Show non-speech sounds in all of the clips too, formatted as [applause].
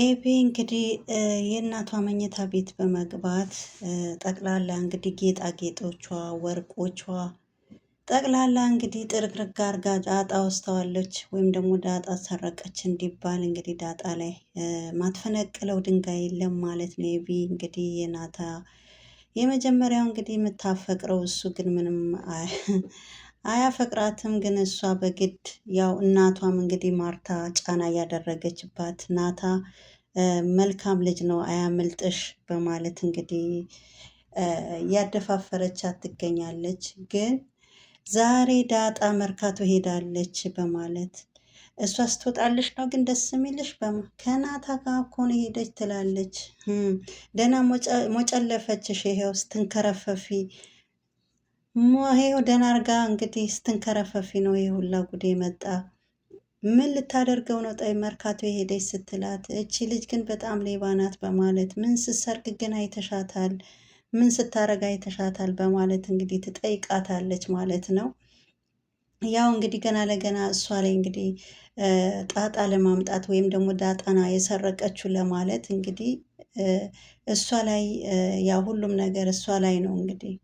ኤቢ እንግዲህ የእናቷ መኝታ ቤት በመግባት ጠቅላላ እንግዲህ ጌጣጌጦቿ፣ ወርቆቿ ጠቅላላ እንግዲህ ጥርግርግ አርጋ ዳጣ ወስተዋለች ወይም ደግሞ ዳጣ ሰረቀች እንዲባል እንግዲህ ዳጣ ላይ ማትፈነቅለው ድንጋይ የለም ማለት ነው። ኤቢ እንግዲህ የናታ የመጀመሪያው እንግዲህ የምታፈቅረው እሱ ግን ምንም አያፈቅራትም ግን እሷ በግድ ያው እናቷም እንግዲህ ማርታ ጫና እያደረገችባት ናታ መልካም ልጅ ነው አያመልጥሽ በማለት እንግዲህ እያደፋፈረቻት ትገኛለች። ግን ዛሬ ዳጣ መርካቶ ሄዳለች በማለት እሷ ስትወጣልሽ ነው ግን ደስ የሚልሽ ከናታ ጋር እኮ ነው ሄደች ትላለች። ደህና ሞጨለፈችሽ፣ ይኸው ስትንከረፈፊ ይሄው ደህና አርጋ እንግዲህ ስትንከረፈፊ ነው ይሄ ሁላ ጉዴ የመጣ ምን ልታደርገው ነው? ጠይ መርካቶ የሄደች ስትላት እቺ ልጅ ግን በጣም ሌባ ናት በማለት ምን ስትሰርቅ ግን አይተሻታል፣ ምን ስታረግ አይተሻታል በማለት እንግዲህ ትጠይቃታለች ማለት ነው። ያው እንግዲህ ገና ለገና እሷ ላይ እንግዲህ ጣጣ ለማምጣት ወይም ደግሞ ዳጣና የሰረቀችው ለማለት እንግዲህ እሷ ላይ ያ ሁሉም ነገር እሷ ላይ ነው እንግዲህ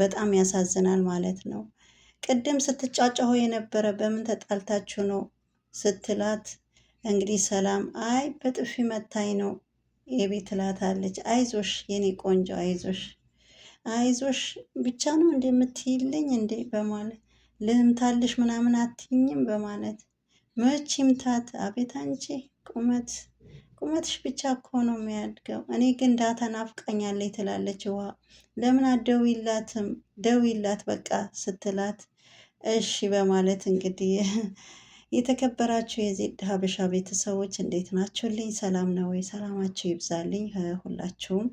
በጣም ያሳዝናል ማለት ነው። ቅድም ስትጫጫሁ የነበረ በምን ተጣልታችሁ ነው ስትላት እንግዲህ ሰላም አይ በጥፊ መታኝ ነው የቤት ትላታለች። አይዞሽ የኔ ቆንጆ አይዞሽ አይዞሽ ብቻ ነው እንዴ የምትይልኝ እንዴ በማለት ልምታልሽ ምናምን አትኝም በማለት መች ይምታት አቤት አንቺ ቁመት ቁመትሽ ብቻ እኮ ነው የሚያድገው። እኔ ግን ዳታ ናፍቃኛለች ትላለች ውሃ። ለምን አትደውይላትም? ደዊላት በቃ ስትላት እሺ በማለት እንግዲህ [laughs] የተከበራችሁ የዜድ ሀበሻ ቤተሰቦች እንዴት ናችሁልኝ? ሰላም ነው ወይ? ሰላማችሁ ይብዛልኝ። ሁላችሁም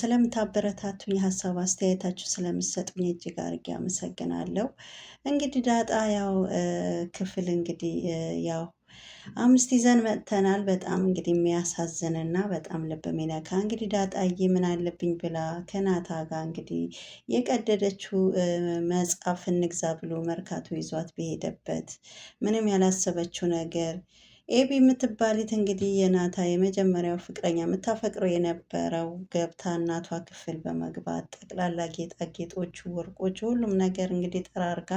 ስለምታበረታቱኝ ሀሳብ አስተያየታችሁ ስለምሰጡኝ እጅግ አድርጌ አመሰግናለሁ። እንግዲህ ዳጣ ያው ክፍል እንግዲህ ያው አምስት ይዘን መጥተናል። በጣም እንግዲህ የሚያሳዝንና በጣም ልብ የሚነካ እንግዲህ ዳጣዬ ምን አለብኝ ብላ ከናታ ጋር እንግዲህ የቀደደችው መጽሐፍ እንግዛ ብሎ መርካቶ ይዟት በሄደበት ምንም ያላሰበችው ነገር ኤቢ የምትባሊት እንግዲህ የናታ የመጀመሪያው ፍቅረኛ የምታፈቅረው የነበረው ገብታ እናቷ ክፍል በመግባት ጠቅላላ ጌጣጌጦቹ፣ ወርቆቹ ሁሉም ነገር እንግዲህ ጠራርጋ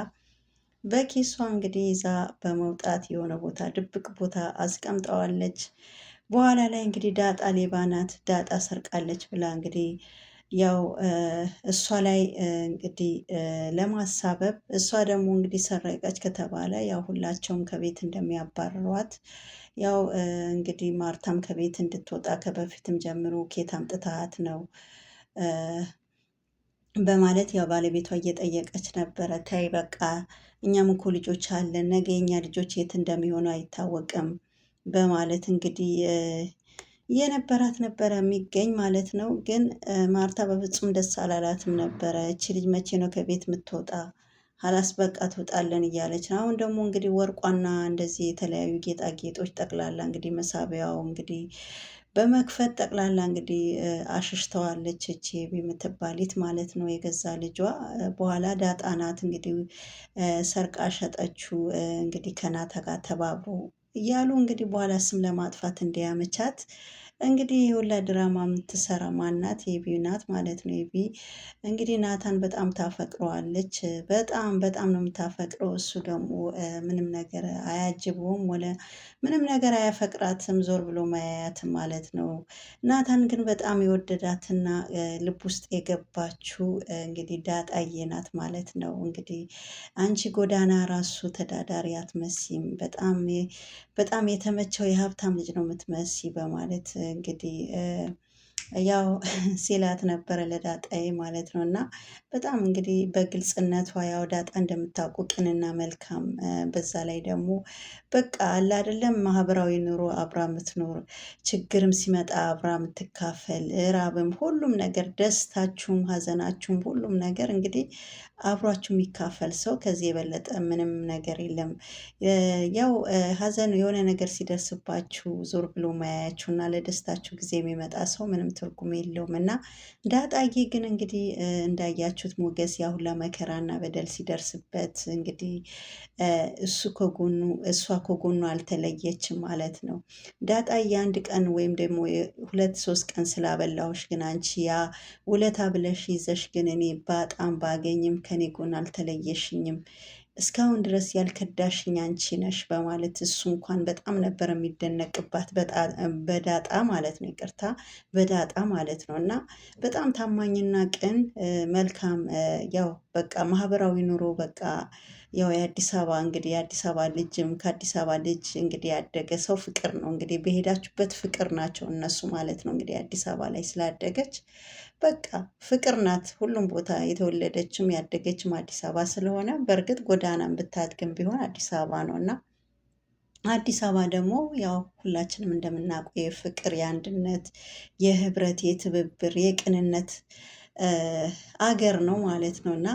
በኪሷ እንግዲህ ይዛ በመውጣት የሆነ ቦታ ድብቅ ቦታ አስቀምጠዋለች። በኋላ ላይ እንግዲህ ዳጣ ሌባ ናት፣ ዳጣ ሰርቃለች ብላ እንግዲህ ያው እሷ ላይ እንግዲህ ለማሳበብ እሷ ደግሞ እንግዲህ ሰረቀች ከተባለ ያው ሁላቸውም ከቤት እንደሚያባርሯት ያው እንግዲህ ማርታም ከቤት እንድትወጣ ከበፊትም ጀምሮ ኬት አምጥታት ነው በማለት ያው ባለቤቷ እየጠየቀች ነበረ። ተይ በቃ እኛም እኮ ልጆች አለን፣ ነገ የኛ ልጆች የት እንደሚሆኑ አይታወቅም በማለት እንግዲህ የነበራት ነበረ የሚገኝ ማለት ነው። ግን ማርታ በፍጹም ደስ አላላትም ነበረ። እቺ ልጅ መቼ ነው ከቤት የምትወጣ? ሀላስ በቃ ትወጣለን እያለች ነው። አሁን ደግሞ እንግዲህ ወርቋና እንደዚህ የተለያዩ ጌጣጌጦች ጠቅላላ እንግዲህ መሳቢያው እንግዲህ በመክፈት ጠቅላላ እንግዲህ አሽሽተዋለች እቼብ የምትባሊት ማለት ነው የገዛ ልጇ። በኋላ ዳጣናት እንግዲህ ሰርቃ ሸጠችው እንግዲህ ከናታ ጋር ተባብሮ እያሉ እንግዲህ በኋላ ስም ለማጥፋት እንዲያመቻት እንግዲህ የሁላ ድራማ የምትሰራ ማናት? የቢ ናት ማለት ነው። የቢ እንግዲህ ናታን በጣም ታፈቅረዋለች። በጣም በጣም ነው የምታፈቅረው። እሱ ደግሞ ምንም ነገር አያጅበውም፣ ወለ ምንም ነገር አያፈቅራትም፣ ዞር ብሎ ማያያትም ማለት ነው። ናታን ግን በጣም የወደዳትና ልብ ውስጥ የገባችው እንግዲህ ዳጣዬ ናት ማለት ነው። እንግዲህ አንቺ ጎዳና ራሱ ተዳዳሪ አትመሲም፣ በጣም በጣም የተመቸው የሀብታም ልጅ ነው የምትመሲ በማለት irgendwie äh, ያው [laughs] ሲላት ነበረ ለዳጣይ ማለት ነው። እና በጣም እንግዲህ በግልጽነቷ ያው ዳጣ እንደምታውቁ ቅንና መልካም፣ በዛ ላይ ደግሞ በቃ አለ አይደለም ማህበራዊ ኑሮ አብራ ምትኖር ችግርም ሲመጣ አብራ ምትካፈል ራብም፣ ሁሉም ነገር ደስታችሁም፣ ሀዘናችሁም ሁሉም ነገር እንግዲህ አብሯችሁ የሚካፈል ሰው ከዚህ የበለጠ ምንም ነገር የለም። ያው ሀዘን የሆነ ነገር ሲደርስባችሁ ዞር ብሎ ማያያችሁ እና ለደስታችሁ ጊዜ የሚመጣ ሰው ምንም ትርጉም የለውም እና ዳጣዬ ግን እንግዲህ እንዳያችሁት ሞገስ ያሁን ለመከራና በደል ሲደርስበት እንግዲህ እሱ ከጎኑ እሷ ከጎኑ አልተለየችም ማለት ነው። ዳጣዬ አንድ ቀን ወይም ደግሞ ሁለት ሶስት ቀን ስላበላሁሽ ግን አንቺ ያ ውለታ ብለሽ ይዘሽ ግን እኔ በጣም ባገኝም ከኔ ጎን አልተለየሽኝም እስካሁን ድረስ ያልከዳሽኝ አንቺ ነሽ በማለት እሱ እንኳን በጣም ነበር የሚደነቅባት በዳጣ ማለት ነው፣ ይቅርታ በዳጣ ማለት ነው። እና በጣም ታማኝና ቅን መልካም ያው በቃ ማህበራዊ ኑሮ በቃ ያው የአዲስ አበባ እንግዲህ የአዲስ አበባ ልጅም ከአዲስ አበባ ልጅ እንግዲህ ያደገ ሰው ፍቅር ነው እንግዲህ በሄዳችሁበት ፍቅር ናቸው እነሱ ማለት ነው። እንግዲህ አዲስ አበባ ላይ ስላደገች በቃ ፍቅር ናት። ሁሉም ቦታ የተወለደችም ያደገችም አዲስ አበባ ስለሆነ በእርግጥ ጎዳናን ብታድግም ቢሆን አዲስ አበባ ነው እና አዲስ አበባ ደግሞ ያው ሁላችንም እንደምናውቀው የፍቅር፣ የአንድነት፣ የህብረት፣ የትብብር፣ የቅንነት አገር ነው ማለት ነው። እና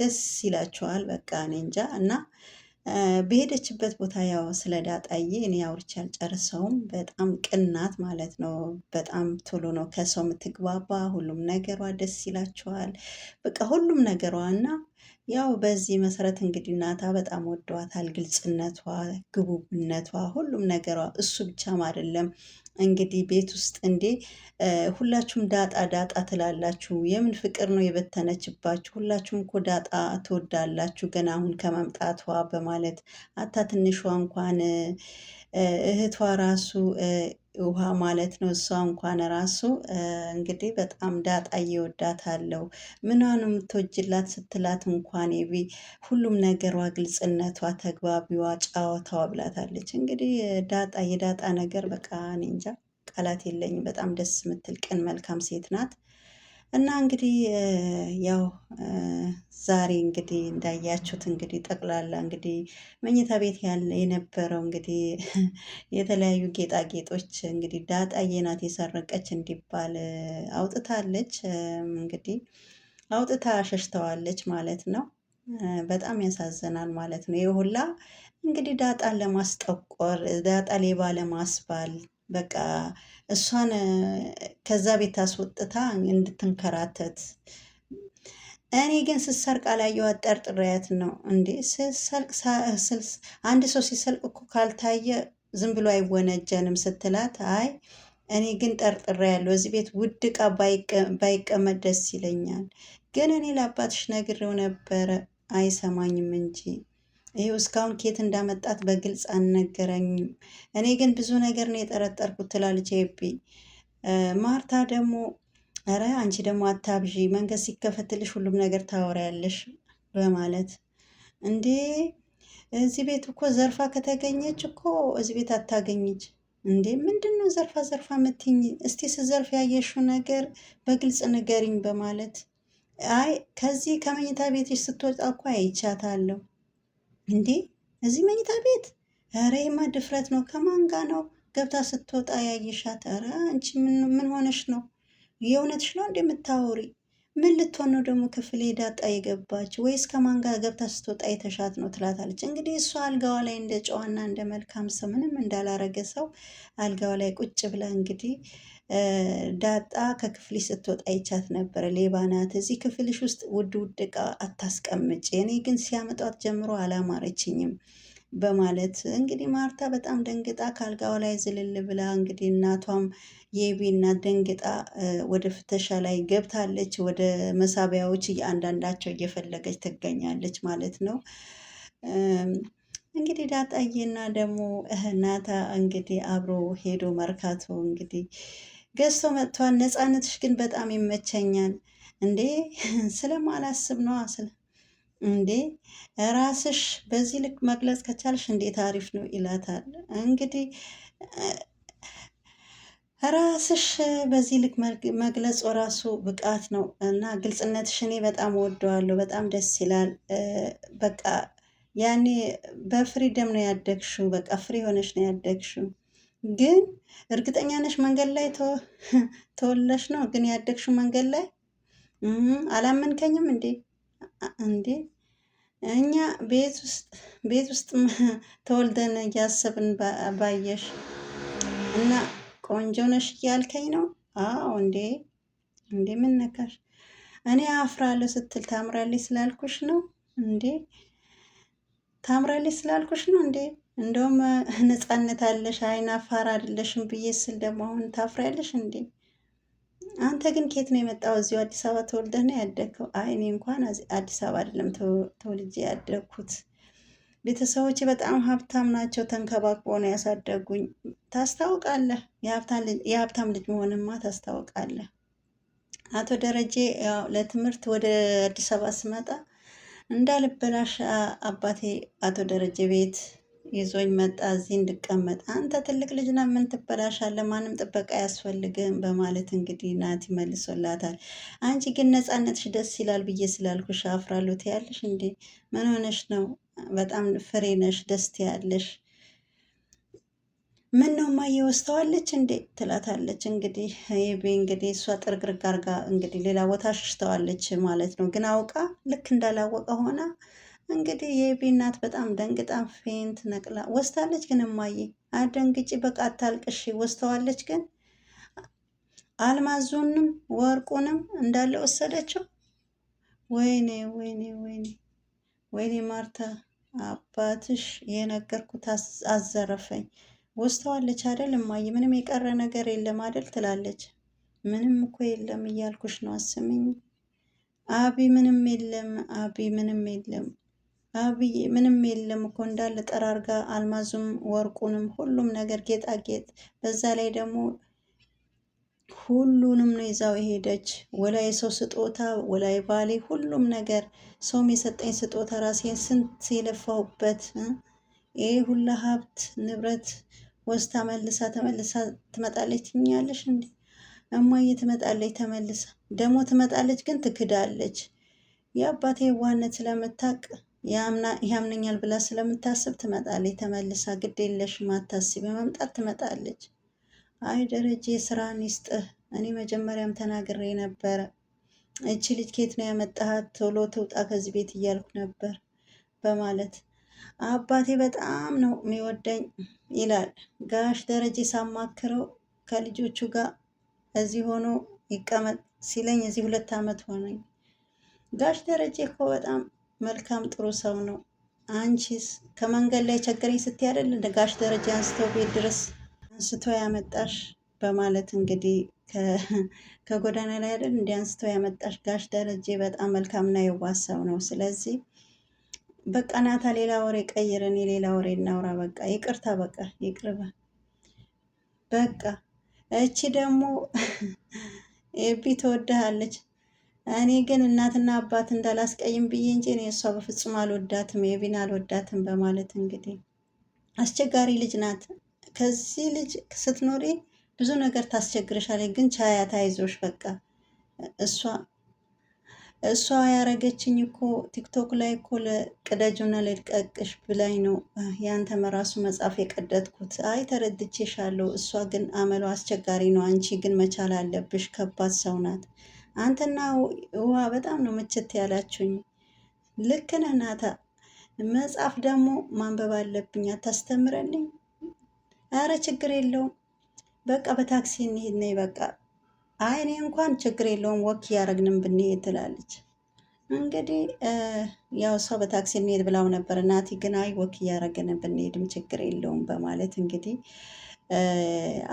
ደስ ይላቸዋል በቃ እኔ እንጃ። እና በሄደችበት ቦታ ያው ስለ ዳጣዬ እኔ አውርቼ አልጨርሰውም። በጣም ቅናት ማለት ነው። በጣም ቶሎ ነው ከሰው የምትግባባ። ሁሉም ነገሯ ደስ ይላቸዋል። በቃ ሁሉም ነገሯ እና ያው በዚህ መሰረት እንግዲህ እናታ በጣም ወደዋታል። ግልጽነቷ፣ ግቡብነቷ፣ ሁሉም ነገሯ እሱ ብቻም አይደለም እንግዲህ ቤት ውስጥ እንዴ ሁላችሁም ዳጣ ዳጣ ትላላችሁ። የምን ፍቅር ነው የበተነችባችሁ? ሁላችሁም እኮ ዳጣ ትወዳላችሁ ገና አሁን ከመምጣቷ በማለት አታ ትንሿ እንኳን እህቷ ራሱ ውሃ ማለት ነው። እሷ እንኳን ራሱ እንግዲህ በጣም ዳጣ እየወዳት አለው ምናን የምትወጅላት ስትላት እንኳን የቢ ሁሉም ነገሯ፣ ግልጽነቷ፣ ተግባቢዋ፣ ጫወታዋ ብላታለች። እንግዲህ ዳጣ የዳጣ ነገር በቃ እኔ እንጃ ቃላት የለኝም። በጣም ደስ የምትል ቅን መልካም ሴት ናት። እና እንግዲህ ያው ዛሬ እንግዲህ እንዳያችሁት እንግዲህ ጠቅላላ እንግዲህ መኝታ ቤት ያለ የነበረው እንግዲህ [laughs] የተለያዩ ጌጣጌጦች እንግዲህ ዳጣዬ ናት የሰረቀች እንዲባል አውጥታለች። እንግዲህ አውጥታ ሸሽተዋለች ማለት ነው። በጣም ያሳዝናል ማለት ነው። ይህ ሁላ እንግዲህ ዳጣን ለማስጠቆር ዳጣ ሌባ ለማስባል በቃ እሷን ከዛ ቤት አስወጥታ እንድትንከራተት እኔ ግን ስሰርቅ አላየኋት ጠርጥሬያት ነው እንዴ አንድ ሰው ሲሰልቅ እኮ ካልታየ ዝም ብሎ አይወነጀንም ስትላት አይ እኔ ግን ጠርጥሬያለሁ እዚህ ቤት ውድ ዕቃ ባይቀመጥ ደስ ይለኛል ግን እኔ ለአባትሽ ነግሬው ነበረ አይሰማኝም እንጂ ይህ እስካሁን ኬት እንዳመጣት በግልጽ አልነገረኝም። እኔ ግን ብዙ ነገር ነው የጠረጠርኩት ትላለች ኤቢ። ማርታ ደግሞ ኧረ አንቺ ደግሞ አታብዢ፣ መንገድ ሲከፈትልሽ ሁሉም ነገር ታወሪያለሽ በማለት እንዴ እዚህ ቤት እኮ ዘርፋ ከተገኘች እኮ እዚህ ቤት አታገኝች። እንዴ ምንድን ነው ዘርፋ ዘርፋ የምትይኝ? እስቲ ስዘርፍ ያየሽው ነገር በግልጽ ንገሪኝ በማለት አይ ከዚህ ከመኝታ ቤትሽ ስትወጣ እኮ አይቻታለሁ እንዴ እዚህ መኝታ ቤት? ኧረ ይሄማ ድፍረት ነው። ከማን ጋ ነው ገብታ ስትወጣ ያየሻት? ኧረ አንቺ ምን ሆነሽ ነው? የእውነትሽ ነው የምታወሪ? ምን ልትሆን ነው ደግሞ ክፍል ሄዳ ጣ የገባች ወይስ ከማን ጋር ገብታ ስትወጣ የተሻት ነው ትላታለች። እንግዲህ እሷ አልጋዋ ላይ እንደ ጨዋና እንደ መልካም ሰው ምንም እንዳላረገ ሰው አልጋዋ ላይ ቁጭ ብላ እንግዲህ ዳጣ ከክፍልሽ ስትወጣ ይቻት ነበረ። ሌባ ናት፣ እዚህ ክፍልሽ ውስጥ ውድ ውድ ዕቃ አታስቀምጭ፣ እኔ ግን ሲያመጧት ጀምሮ አላማረችኝም በማለት እንግዲህ ማርታ በጣም ደንግጣ ካልጋው ላይ ዝልል ብላ እንግዲህ እናቷም የቤ እናት ደንግጣ ወደ ፍተሻ ላይ ገብታለች። ወደ መሳቢያዎች እያንዳንዳቸው እየፈለገች ትገኛለች ማለት ነው። እንግዲህ ዳጣዬና ደግሞ እህናታ እንግዲህ አብሮ ሄዶ መርካቶ እንግዲህ ገዝቶ መጥቷል። ነፃነትሽ ግን በጣም ይመቸኛል። እንዴ [laughs] ስለማላስብ ነው ስለ እንዴ ራስሽ በዚህ ልክ መግለጽ ከቻልሽ እንዴት አሪፍ ነው ይላታል። እንግዲህ ራስሽ በዚህ ልክ መግለጽ ራሱ ብቃት ነው እና ግልጽነትሽ እኔ በጣም ወደዋለሁ። በጣም ደስ ይላል። በቃ ያኔ በፍሪደም ነው ያደግሽው። በቃ ፍሪ ሆነሽ ነው ያደግሽው። ግን እርግጠኛ ነሽ መንገድ ላይ ተወለሽ ነው ግን ያደግሽው መንገድ ላይ አላመንከኝም እንዴ እንዴ እኛ ቤት ውስጥ ቤት ውስጥ ተወልደን እያሰብን ባየሽ እና ቆንጆ ነሽ እያልከኝ ነው አዎ እንዴ እንዴ ምን ነካሽ እኔ አፍራለሁ ስትል ታምራለች ስላልኩሽ ነው እንዴ ታምራለች ስላልኩሽ ነው እንዴ እንደውም ነፃነት አለሽ አይን አፋር አይደለሽም ብዬ ስል ደግሞ አሁን ታፍሪያለሽ እንዴ? አንተ ግን ከየት ነው የመጣው? እዚሁ አዲስ አበባ ተወልደህ ነው ያደግከው? አይ እኔ እንኳን አዲስ አበባ አይደለም ተወልጄ ያደግኩት። ቤተሰቦቼ በጣም ሀብታም ናቸው፣ ተንከባክቦ ነው ያሳደጉኝ። ታስታውቃለህ፣ የሀብታም ልጅ መሆንማ ታስታውቃለህ። አቶ ደረጀ ለትምህርት ወደ አዲስ አበባ ስመጣ እንዳልበላሽ አባቴ አቶ ደረጀ ቤት ይዞኝ መጣ እዚህ እንድቀመጥ። አንተ ትልቅ ልጅ ነህ፣ ምን ትበላሻለህ? ማንም ጥበቃ አያስፈልግም በማለት እንግዲህ ናት ይመልሶላታል። አንቺ ግን ነፃነትሽ ደስ ይላል ብዬ ስላልኩሽ አፍራለሁ ትያለሽ እንዴ? ምን ሆነሽ ነው? በጣም ፍሬ ነሽ፣ ደስ ትያለሽ። ምን ነው ማየ ወስተዋለች እንዴ ትላታለች። እንግዲህ ይቤ እንግዲህ እሷ ጥርግርግ አርጋ እንግዲህ ሌላ ቦታ ሽሽተዋለች ማለት ነው። ግን አውቃ ልክ እንዳላወቀ ሆና እንግዲህ የኤቢ እናት በጣም ደንግጣ ፌንት ነቅላ ወስታለች። ግን እማዬ አደንግጪ፣ በቃ አታልቅሺ። ወስተዋለች ግን አልማዙንም ወርቁንም እንዳለ ወሰደችው። ወይኔ ወይኔ ወይኔ ወይኔ ማርታ አባትሽ የነገርኩት አዘረፈኝ። ወስተዋለች አደል እማዬ፣ ምንም የቀረ ነገር የለም አደል ትላለች። ምንም እኮ የለም እያልኩሽ ነው፣ አስምኝ አቢ፣ ምንም የለም አቢ፣ ምንም የለም አብዬ ምንም የለም እኮ እንዳለ ጠራርጋ አልማዙም ወርቁንም ሁሉም ነገር ጌጣጌጥ፣ በዛ ላይ ደግሞ ሁሉንም ነው ይዛው የሄደች። ወላ የሰው ስጦታ ወላይ ባሌ ሁሉም ነገር ሰውም የሰጠኝ ስጦታ ራሴን ስንት የለፋሁበት ይህ ሁላ ሀብት ንብረት ወስታ መልሳ ተመልሳ ትመጣለች ትኛለሽ እንዴ? እማዬ ትመጣለች ተመልሳ ደግሞ ትመጣለች፣ ግን ትክዳለች። የአባቴ ዋነት ስለምታቅ ያምነኛል ብላ ስለምታስብ ትመጣለች። ተመልሳ ግድ የለሽም አታስቢ፣ መምጣት ትመጣለች። አይ ደረጀ ስራን ይስጥህ። እኔ መጀመሪያም ተናግሬ ነበረ። እቺ ልጅ ኬት ነው ያመጣሃት? ቶሎ ትውጣ ከዚህ ቤት እያልኩ ነበር በማለት አባቴ በጣም ነው የሚወደኝ ይላል ጋሽ ደረጀ ሳማክረው ከልጆቹ ጋር እዚህ ሆኖ ይቀመጥ ሲለኝ እዚህ ሁለት ዓመት ሆነኝ። ጋሽ ደረጀ እኮ በጣም መልካም ጥሩ ሰው ነው። አንቺስ ከመንገድ ላይ ቸገረኝ ስትይ አይደል እንደ ጋሽ ደረጃ አንስቶ ቤት ድረስ አንስቶ ያመጣሽ በማለት እንግዲህ [laughs] ከጎዳና ላይ አይደል እንዲ አንስቶ ያመጣሽ ጋሽ ደረጀ በጣም መልካምና የዋሰው ነው። ስለዚህ በቃ ናታ ሌላ ወሬ ቀይረን የሌላ ወሬ እናውራ። በቃ ይቅርታ፣ በቃ ይቅርበ፣ በቃ እቺ ደግሞ [laughs] ኤቢ ትወድሃለች። እኔ ግን እናትና አባት እንዳላስቀይም ብዬ እንጂ እኔ እሷ በፍጹም አልወዳትም፣ የቢን አልወዳትም በማለት እንግዲህ አስቸጋሪ ልጅ ናት። ከዚህ ልጅ ስትኖሪ ብዙ ነገር ታስቸግርሻለች፣ ግን ቻያ ታይዞሽ በቃ እሷ እሷ ያረገችኝ እኮ ቲክቶክ ላይ እኮ ለቅደጁና ለድቀቅሽ ብላኝ ነው ያንተ መራሱ መጽሐፍ የቀደድኩት። አይ ተረድቼሻለሁ። እሷ ግን አመሏ አስቸጋሪ ነው። አንቺ ግን መቻል አለብሽ። ከባድ ሰው ናት። አንተና ውሃ በጣም ነው ምችት ያላችሁኝ። ልክ ነህ ናታ። መጽሐፍ ደግሞ ማንበብ አለብኝ አታስተምረልኝ? አረ ችግር የለውም በቃ በታክሲ እንሄድ ነይ በቃ። አይ እኔ እንኳን ችግር የለውም ወክ እያደረግንም ብንሄድ ትላለች። እንግዲህ ያው እሷ በታክሲ እንሄድ ብላው ነበር። ናቲ ግን አይ ወክ እያደረግን ብንሄድም ችግር የለውም በማለት እንግዲህ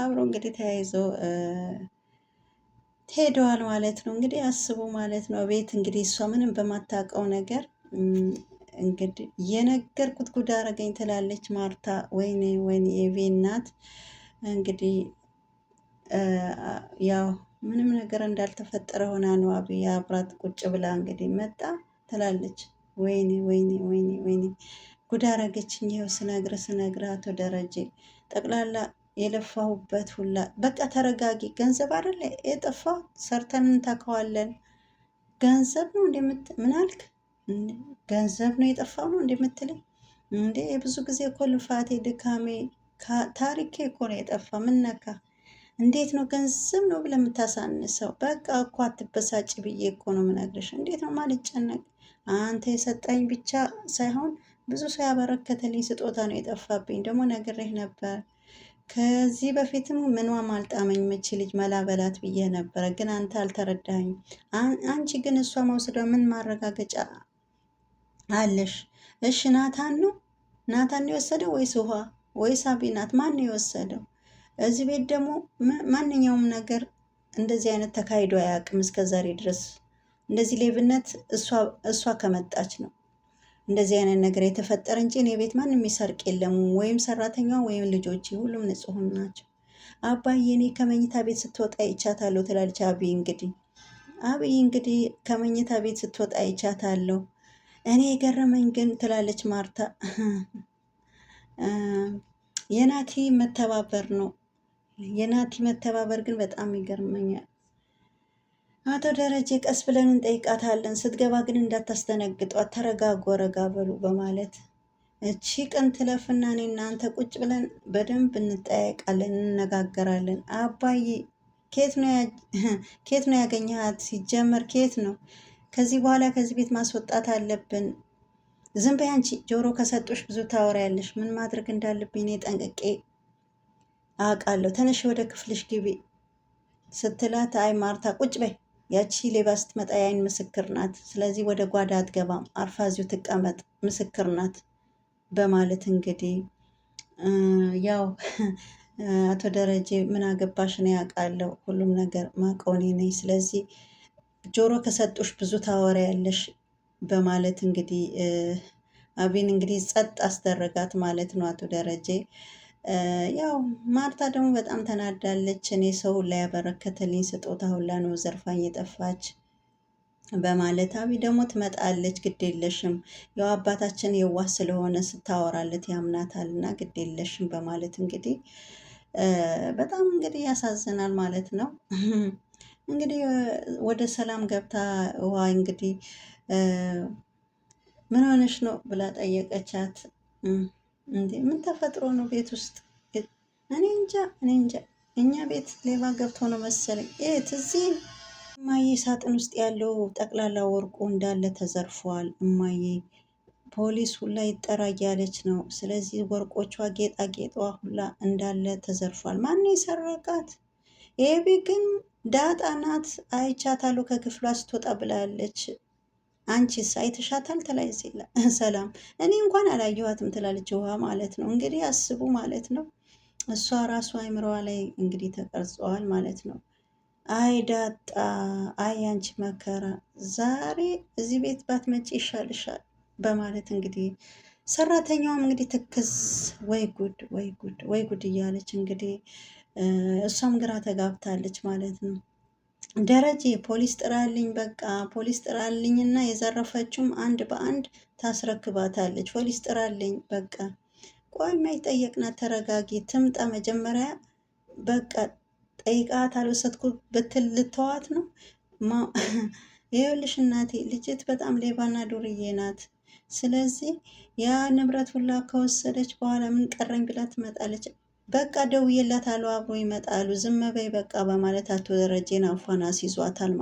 አብሮ እንግዲህ ተያይዞ ሄደዋል ማለት ነው። እንግዲህ አስቡ ማለት ነው። ቤት እንግዲህ እሷ ምንም በማታውቀው ነገር እንግዲህ የነገርኩት ጉድ ረገኝ ትላለች ማርታ። ወይኔ ወይኔ የቤናት እንግዲህ ያው ምንም ነገር እንዳልተፈጠረ ሆና ነው አብይ አብራት ቁጭ ብላ እንግዲህ መጣ ትላለች። ወይኔ ወይኔ ወይኔ ወይኔ ጉድ አረገችኝ። ይኸው ስነግር ስነግር አቶ ደረጀ ጠቅላላ የለፋሁበት ሁላ በቃ ተረጋጊ። ገንዘብ አይደለ የጠፋው፣ ሰርተን እንታከዋለን። ገንዘብ ነው እንደምት ምን አልክ? ገንዘብ ነው የጠፋው ነው እንደምትለኝ እንዴ? የብዙ ጊዜ እኮ ልፋቴ፣ ድካሜ፣ ታሪኬ እኮ ነው የጠፋ። ምን ነካ? እንዴት ነው ገንዘብ ነው ብለህ የምታሳንሰው? በቃ እኮ አትበሳጭ ብዬ እኮ ነው የምነግርሽ። እንዴት ነው ማልጨነቅ? አንተ የሰጠኝ ብቻ ሳይሆን ብዙ ሰው ያበረከተልኝ ስጦታ ነው የጠፋብኝ። ደግሞ ነግሬህ ነበር ከዚህ በፊትም ምኗ አልጣመኝ መች ልጅ መላበላት ብዬ ነበረ፣ ግን አንተ አልተረዳኝ አንቺ ግን እሷ መውሰዷ ምን ማረጋገጫ አለሽ? እሽ ናታን ነው ናታን የወሰደው ወይስ ውሃ ወይስ አቢ ናት? ማን የወሰደው? እዚህ ቤት ደግሞ ማንኛውም ነገር እንደዚህ አይነት ተካሂዶ አያውቅም እስከ ዛሬ ድረስ። እንደዚህ ሌብነት እሷ ከመጣች ነው እንደዚህ አይነት ነገር የተፈጠረ እንጂ እኔ ቤት ማንም የሚሰርቅ የለም። ወይም ሰራተኛ ወይም ልጆች ሁሉም ንጹህ ናቸው። አባዬ እኔ ከመኝታ ቤት ስትወጣ ይቻታለሁ ትላለች አብይ። እንግዲህ አብይ እንግዲህ ከመኝታ ቤት ስትወጣ ይቻታለሁ እኔ የገረመኝ ግን ትላለች ማርታ የናቲ መተባበር ነው። የናቲ መተባበር ግን በጣም ይገርመኛል። አቶ ደረጀ ቀስ ብለን እንጠይቃታለን፣ ስትገባ ግን እንዳታስተነግጧት፣ ተረጋጉ፣ ረጋ በሉ በማለት እቺ ቀን ትለፍና እኔ እናንተ ቁጭ ብለን በደንብ እንጠያቃለን፣ እንነጋገራለን። አባዬ ኬት ነው ያገኘሃት? ሲጀመር ኬት ነው? ከዚህ በኋላ ከዚህ ቤት ማስወጣት አለብን። ዝም በይ አንቺ። ጆሮ ከሰጡሽ ብዙ ታወሪያለሽ። ምን ማድረግ እንዳለብኝ እኔ ጠንቅቄ አውቃለሁ። ተነሽ ወደ ክፍልሽ ግቢ ስትላት፣ አይ ማርታ ቁጭ በይ ያቺ ሌባ ስትመጣ የአይን ምስክር ናት። ስለዚህ ወደ ጓዳ አትገባም፣ አርፋ እዚሁ ትቀመጥ፣ ምስክር ናት በማለት እንግዲህ ያው [laughs] አቶ ደረጀ ምን አገባሽ ነው ያውቃለው፣ ሁሉም ነገር ማቀኔ ነኝ። ስለዚህ ጆሮ ከሰጡሽ ብዙ ታወራ ያለሽ በማለት እንግዲህ አቤን እንግዲህ ጸጥ አስደረጋት ማለት ነው አቶ ደረጀ። ያው ማርታ ደግሞ በጣም ተናዳለች። እኔ ሰው ላይ ያበረከተልኝ ስጦታ ሁላ ነው ዘርፋኝ የጠፋች በማለት አቢ ደግሞ ትመጣለች። ግዴለሽም ያው አባታችን የዋህ ስለሆነ ስታወራለት ያምናታል እና የለሽም በማለት እንግዲህ በጣም እንግዲህ ያሳዝናል ማለት ነው። እንግዲህ ወደ ሰላም ገብታ ውሃ እንግዲህ ምን ሆነሽ ነው ብላ ጠየቀቻት። እንዴ ምን ተፈጥሮ ነው ቤት ውስጥ? እኔ እንጃ እኔ እንጃ። እኛ ቤት ሌባ ገብቶ ነው መሰለኝ። የት እዚህ እማዬ ሳጥን ውስጥ ያለው ጠቅላላ ወርቁ እንዳለ ተዘርፏል። እማዬ ፖሊስ ሁላ ይጠራ እያለች ነው። ስለዚህ ወርቆቿ፣ ጌጣጌጧ ሁላ እንዳለ ተዘርፏል። ማን የሰረቃት? ኤቢ ግን ዳጣ ናት። አይቻታለሁ ከክፍሏ ስትወጣ ብላለች። አንቺስ አይተሻታል? ተላይ [laughs] ሰላም እኔ እንኳን አላየኋትም ትላለች ውሃ ማለት ነው። እንግዲህ አስቡ ማለት ነው። እሷ ራሱ አይምሮዋ ላይ እንግዲህ ተቀርጸዋል ማለት ነው። አይ ዳጣ፣ አይ አንቺ መከራ፣ ዛሬ እዚህ ቤት ባትመጪ ይሻልሻል በማለት እንግዲህ ሰራተኛዋም እንግዲህ ትክዝ ወይ ጉድ ወይ ጉድ ወይ ጉድ እያለች እንግዲህ እሷም ግራ ተጋብታለች ማለት ነው። ደረጀ ፖሊስ ጥራልኝ፣ በቃ ፖሊስ ጥራልኝ እና የዘረፈችውም አንድ በአንድ ታስረክባታለች። ፖሊስ ጥራልኝ፣ በቃ ቆይ የማይጠየቅናት ተረጋጊ፣ ትምጣ መጀመሪያ በቃ ጠይቃት አልወሰድኩ ብትል ልተዋት ነው። [laughs] ይኸውልሽ እናቴ ልጅት በጣም ሌባና ዱርዬ ናት። ስለዚህ ያ ንብረት ሁላ ከወሰደች በኋላ ምን ቀረኝ ብላ ትመጣለች። በቃ ደውዬላታለሁ አብሮ ይመጣሉ ዝም በይ በቃ በማለት አቶ ደረጀን አፏን አስይዟታል።